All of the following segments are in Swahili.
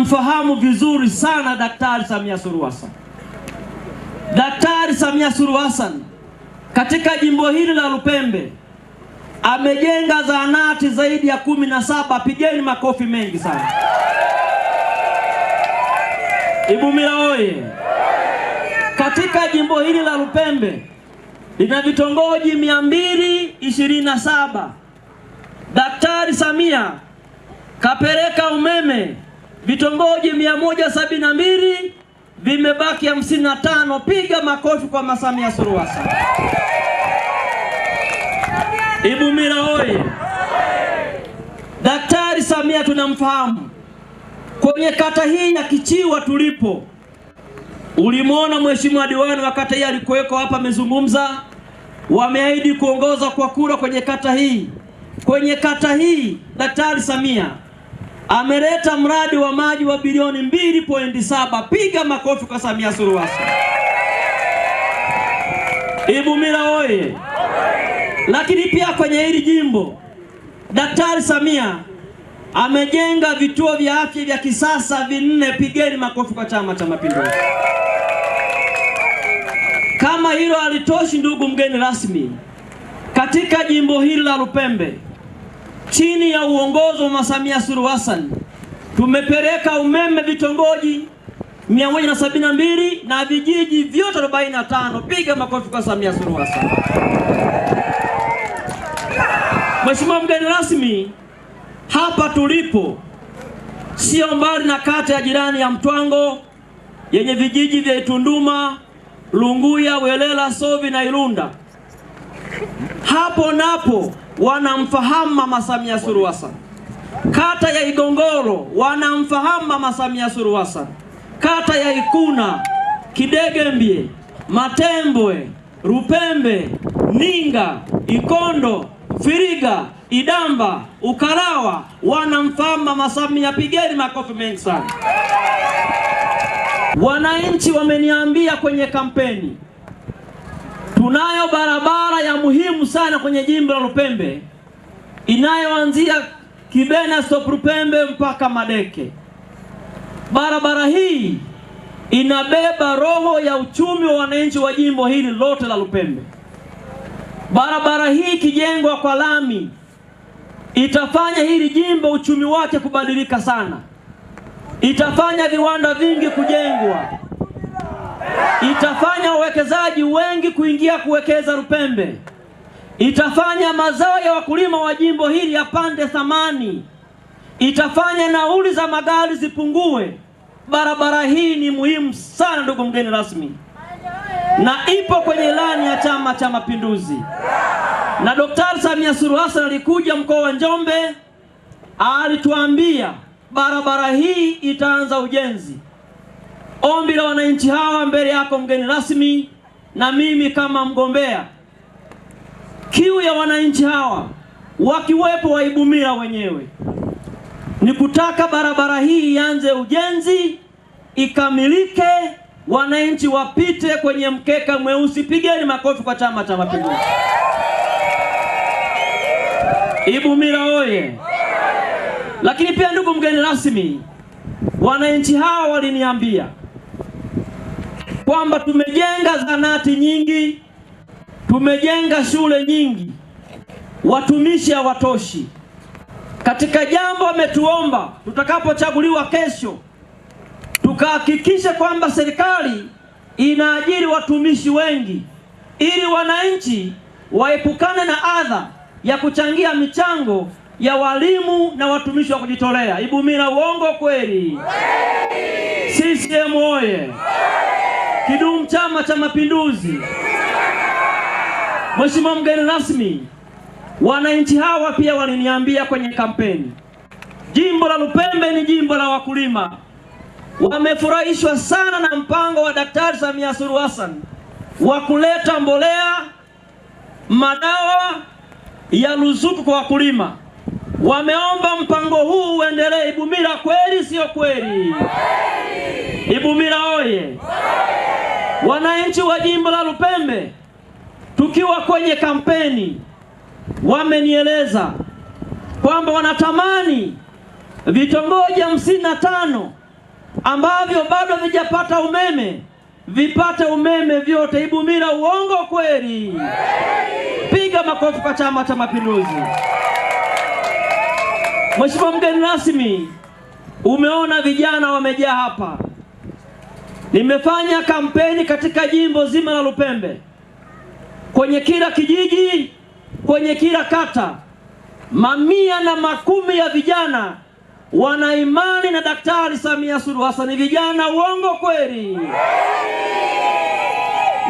mfahamu vizuri sana Daktari Samia Suluhu Hassan. Daktari Samia Suluhu Hassan katika jimbo hili la Lupembe amejenga zahanati zaidi ya kumi na saba. Pigeni makofi mengi sana Ibumila oye! Katika jimbo hili la Lupembe lina vitongoji mia mbili ishirini na saba. Daktari Samia kapeleka umeme vitongoji mia moja sabini na mbili vimebaki hamsini na tano. Piga makofi kwa masamia Samia Suluhu Hassan. Ibumila oye! Daktari Samia tunamfahamu kwenye kata hii ya Kichiwa tulipo, ulimwona mheshimiwa diwani wa kata hii alikuweko hapa, amezungumza. Wameahidi kuongoza kwa kura kwenye kata hii, kwenye kata hii Daktari Samia ameleta mradi wa maji wa bilioni 2.7. Piga makofi kwa Samia Suluhu Hassan. Ibumila oye! Lakini pia kwenye hili jimbo Daktari Samia amejenga vituo vya afya vya kisasa vinne. Pigeni makofi kwa Chama cha Mapinduzi. Kama hilo halitoshi, ndugu mgeni rasmi, katika jimbo hili la Lupembe chini ya uongozi wa Samia Suluhu Hassan tumepeleka umeme vitongoji 172 na vijiji vyote 45. Piga makofi kwa Samia Suluhu Hassan. Mheshimiwa mgeni rasmi, hapa tulipo sio mbali na kata ya jirani ya Mtwango yenye vijiji vya Itunduma, Lunguya, Welela, Sovi na Ilunda. Hapo napo wanamfahamu Mama Samia Suluhu Hassan, kata ya Igongoro wanamfahamu Mama Samia Suluhu Hassan, kata ya Ikuna, kidegembie Matembwe, Rupembe, Ninga, Ikondo, Firiga, Idamba, Ukarawa wanamfahamu Mama Samia. Pigeni makofi mengi sana. Wananchi wameniambia kwenye kampeni, tunayo barabara inayopatikana kwenye jimbo la Lupembe inayoanzia Kibena stop Lupembe mpaka Madeke. Barabara hii inabeba roho ya uchumi wa wananchi wa jimbo hili lote la Lupembe. Barabara hii ikijengwa kwa lami itafanya hili jimbo uchumi wake kubadilika sana, itafanya viwanda vingi kujengwa, itafanya wawekezaji wengi kuingia kuwekeza Lupembe itafanya mazao ya wakulima wa jimbo hili yapande thamani, itafanya nauli za magari zipungue. Barabara hii ni muhimu sana, ndugu mgeni rasmi, na ipo kwenye ilani ya Chama cha Mapinduzi. Na Daktari Samia Suluhu Hassan alikuja mkoa wa Njombe, alituambia barabara hii itaanza ujenzi. Ombi la wananchi hawa mbele yako mgeni rasmi, na mimi kama mgombea Kiu ya wananchi hawa wakiwepo waibumia wenyewe ni kutaka barabara hii ianze ujenzi, ikamilike, wananchi wapite kwenye mkeka mweusi. Pigeni makofi kwa Chama cha Mapinduzi! Ibumila oye! Lakini pia ndugu mgeni rasmi, wananchi hawa waliniambia kwamba tumejenga zanati nyingi Tumejenga shule nyingi, watumishi hawatoshi. Katika jambo ametuomba tutakapochaguliwa kesho, tukahakikishe kwamba serikali inaajiri watumishi wengi ili wananchi waepukane na adha ya kuchangia michango ya walimu na watumishi wa kujitolea. Ibumila uongo kweli? CCM oye! Kidumu Chama cha Mapinduzi! Mheshimiwa mgeni rasmi, wananchi hawa pia waliniambia kwenye kampeni, jimbo la Lupembe ni jimbo la wakulima. Wamefurahishwa sana na mpango wa Daktari Samia Suluhu Hassan wa kuleta mbolea, madawa ya ruzuku kwa wakulima. Wameomba mpango huu uendelee. Ibumila kweli, sio kweli? Ibumila oye! Wananchi wa jimbo la Lupembe Tukiwa kwenye kampeni, wamenieleza kwamba wanatamani vitongoji hamsini na tano ambavyo bado vijapata umeme vipate umeme vyote. Ibumila uongo kweli? Piga makofi kwa Chama cha Mapinduzi. Mheshimiwa mgeni rasmi, umeona vijana wamejaa hapa. Nimefanya kampeni katika jimbo zima la Lupembe kwenye kila kijiji, kwenye kila kata, mamia na makumi ya vijana wana imani na Daktari Samia Suluhu Hassan. Vijana uongo kweli?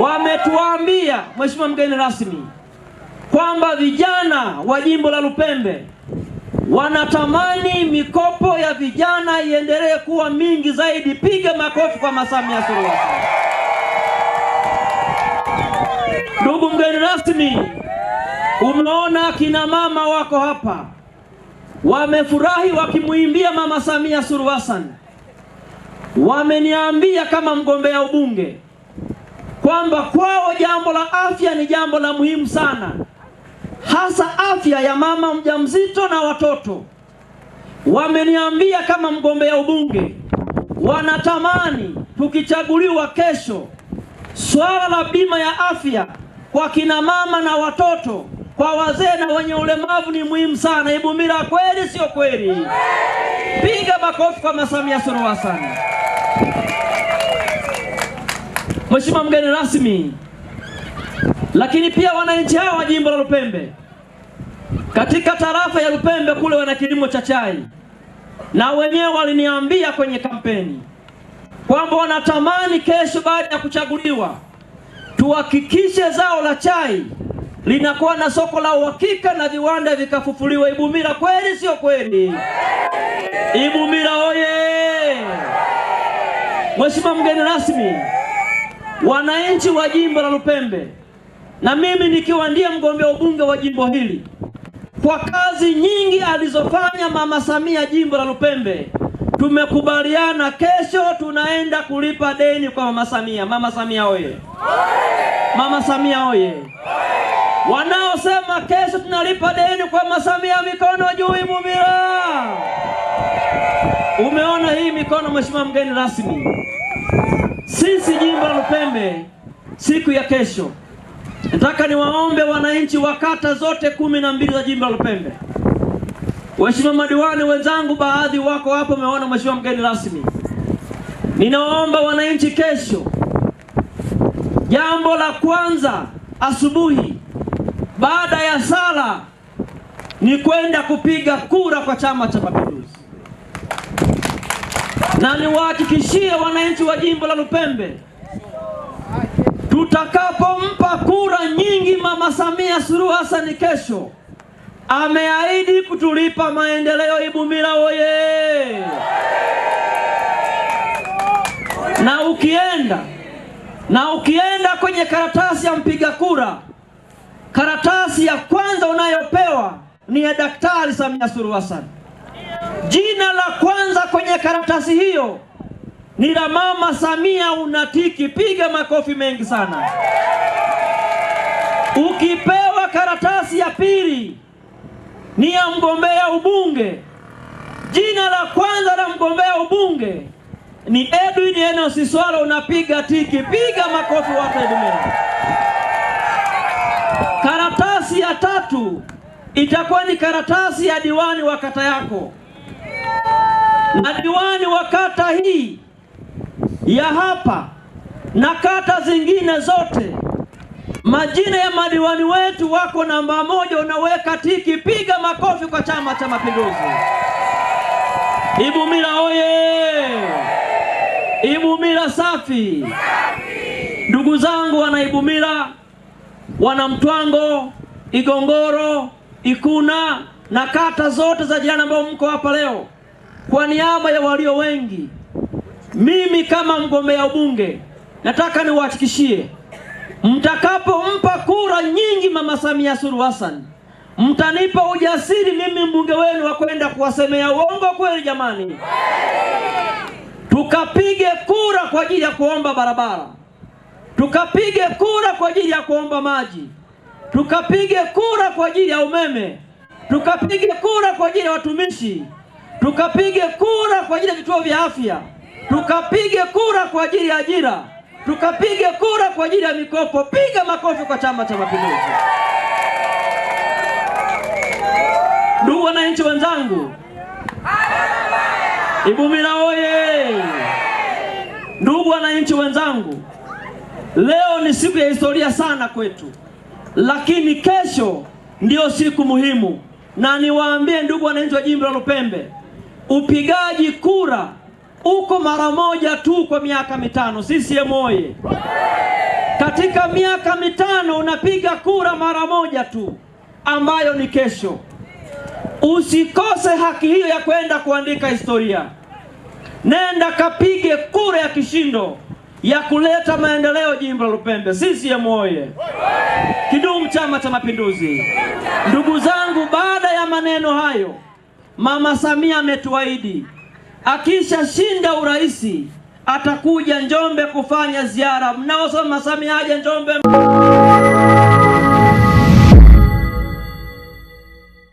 Wametuambia Mheshimiwa mgeni rasmi kwamba vijana wa jimbo la Lupembe wanatamani mikopo ya vijana iendelee kuwa mingi zaidi. Piga makofi kwa Samia Suluhu Hassan. Ndugu mgeni rasmi, umeona kina mama wako hapa wamefurahi wakimwimbia Mama Samia Suluhu Hassan. Wameniambia kama mgombea ubunge kwamba kwao jambo la afya ni jambo la muhimu sana, hasa afya ya mama mjamzito na watoto. Wameniambia kama mgombea ubunge wanatamani tukichaguliwa kesho Swala la bima ya afya kwa kina mama na watoto, kwa wazee na wenye ulemavu ni muhimu sana. Ibumila, kweli sio kweli? Piga makofi kwa masamia Samia Suluhu Hassan. Mheshimiwa mgeni rasmi, lakini pia wananchi hawa wa jimbo la Lupembe, katika tarafa ya Lupembe kule wana kilimo cha chai, na wenyewe waliniambia kwenye kampeni kwamba wanatamani kesho baada ya kuchaguliwa tuhakikishe zao la chai linakuwa na soko la uhakika na viwanda vikafufuliwa. Ibumila kweli, sio kweli? Ibumila oye! Mheshimiwa mgeni rasmi, wananchi wa jimbo la Lupembe na mimi nikiwa ndiye mgombea ubunge wa jimbo hili, kwa kazi nyingi alizofanya Mama Samia jimbo la Lupembe tumekubaliana kesho tunaenda kulipa deni kwa mama Samia. Mama Samia oye! Mama Samia oye! Wanaosema kesho tunalipa deni kwa mama Samia, mikono juu imumira. Umeona hii mikono, mheshimiwa mgeni rasmi. Sisi jimbo la Lupembe, siku ya kesho nataka niwaombe wananchi wa kata zote kumi na mbili za jimbo la Lupembe Waheshimiwa madiwani wenzangu, baadhi wako hapo, umeona mheshimiwa mgeni rasmi, ninawaomba wananchi, kesho, jambo la kwanza asubuhi baada ya sala ni kwenda kupiga kura kwa Chama cha Mapinduzi, na niwahakikishie wananchi wa jimbo la Lupembe, tutakapompa kura nyingi Mama Samia Suluhu Hassan kesho ameahidi kutulipa maendeleo Ibumila oye! Na ukienda na ukienda kwenye karatasi ya mpiga kura, karatasi ya kwanza unayopewa ni ya Daktari Samia Suluhu Hassan. Jina la kwanza kwenye karatasi hiyo ni la Mama Samia unatiki, piga makofi mengi sana. Ukipewa karatasi ya pili ni ya mgombea ubunge. Jina la kwanza la mgombea ubunge ni Edwin Enos Swalo. Unapiga tiki, piga makofi watu Ilemela. Karatasi ya tatu itakuwa ni karatasi ya diwani wa kata yako, na diwani wa kata hii ya hapa na kata zingine zote Majina ya madiwani wetu wako namba moja, unaweka tiki, piga makofi kwa Chama cha Mapinduzi. Ibumila oye! Ibumila safi! Ndugu zangu wana Ibumila, wana Mtwango, Igongoro, Ikuna na kata zote za jirani ambao mko hapa leo, kwa niaba ya walio wengi, mimi kama mgombea ubunge nataka niwahakikishie mtakapompa kura nyingi Mama Samia Suluhu Hassan, mtanipa ujasiri mimi mbunge wenu wa kwenda kuwasemea uongo kweli. Jamani, tukapige kura kwa ajili ya kuomba barabara, tukapige kura kwa ajili ya kuomba maji, tukapige kura kwa ajili ya umeme, tukapige kura kwa ajili ya watumishi, tukapige kura kwa ajili ya vituo vya afya, tukapige kura kwa ajili ya ajira tukapige kura kwa ajili ya mikopo. Piga makofi kwa Chama cha Mapinduzi. Ndugu wananchi wenzangu, Ibumila oye! Ndugu wananchi wenzangu, leo ni siku ya historia sana kwetu, lakini kesho ndiyo siku muhimu, na niwaambie ndugu wananchi wa jimbo la Lupembe, upigaji kura uko mara moja tu kwa miaka mitano. CCM oye! Katika miaka mitano unapiga kura mara moja tu ambayo ni kesho. Usikose haki hiyo ya kwenda kuandika historia. Nenda kapige kura ya kishindo ya kuleta maendeleo jimbo la Lupembe. CCM oye! Kidumu Chama cha Mapinduzi! Ndugu zangu, baada ya maneno hayo, Mama Samia ametuahidi akishashinda urais atakuja Njombe kufanya ziara. Mnaosema Samia aje Njombe.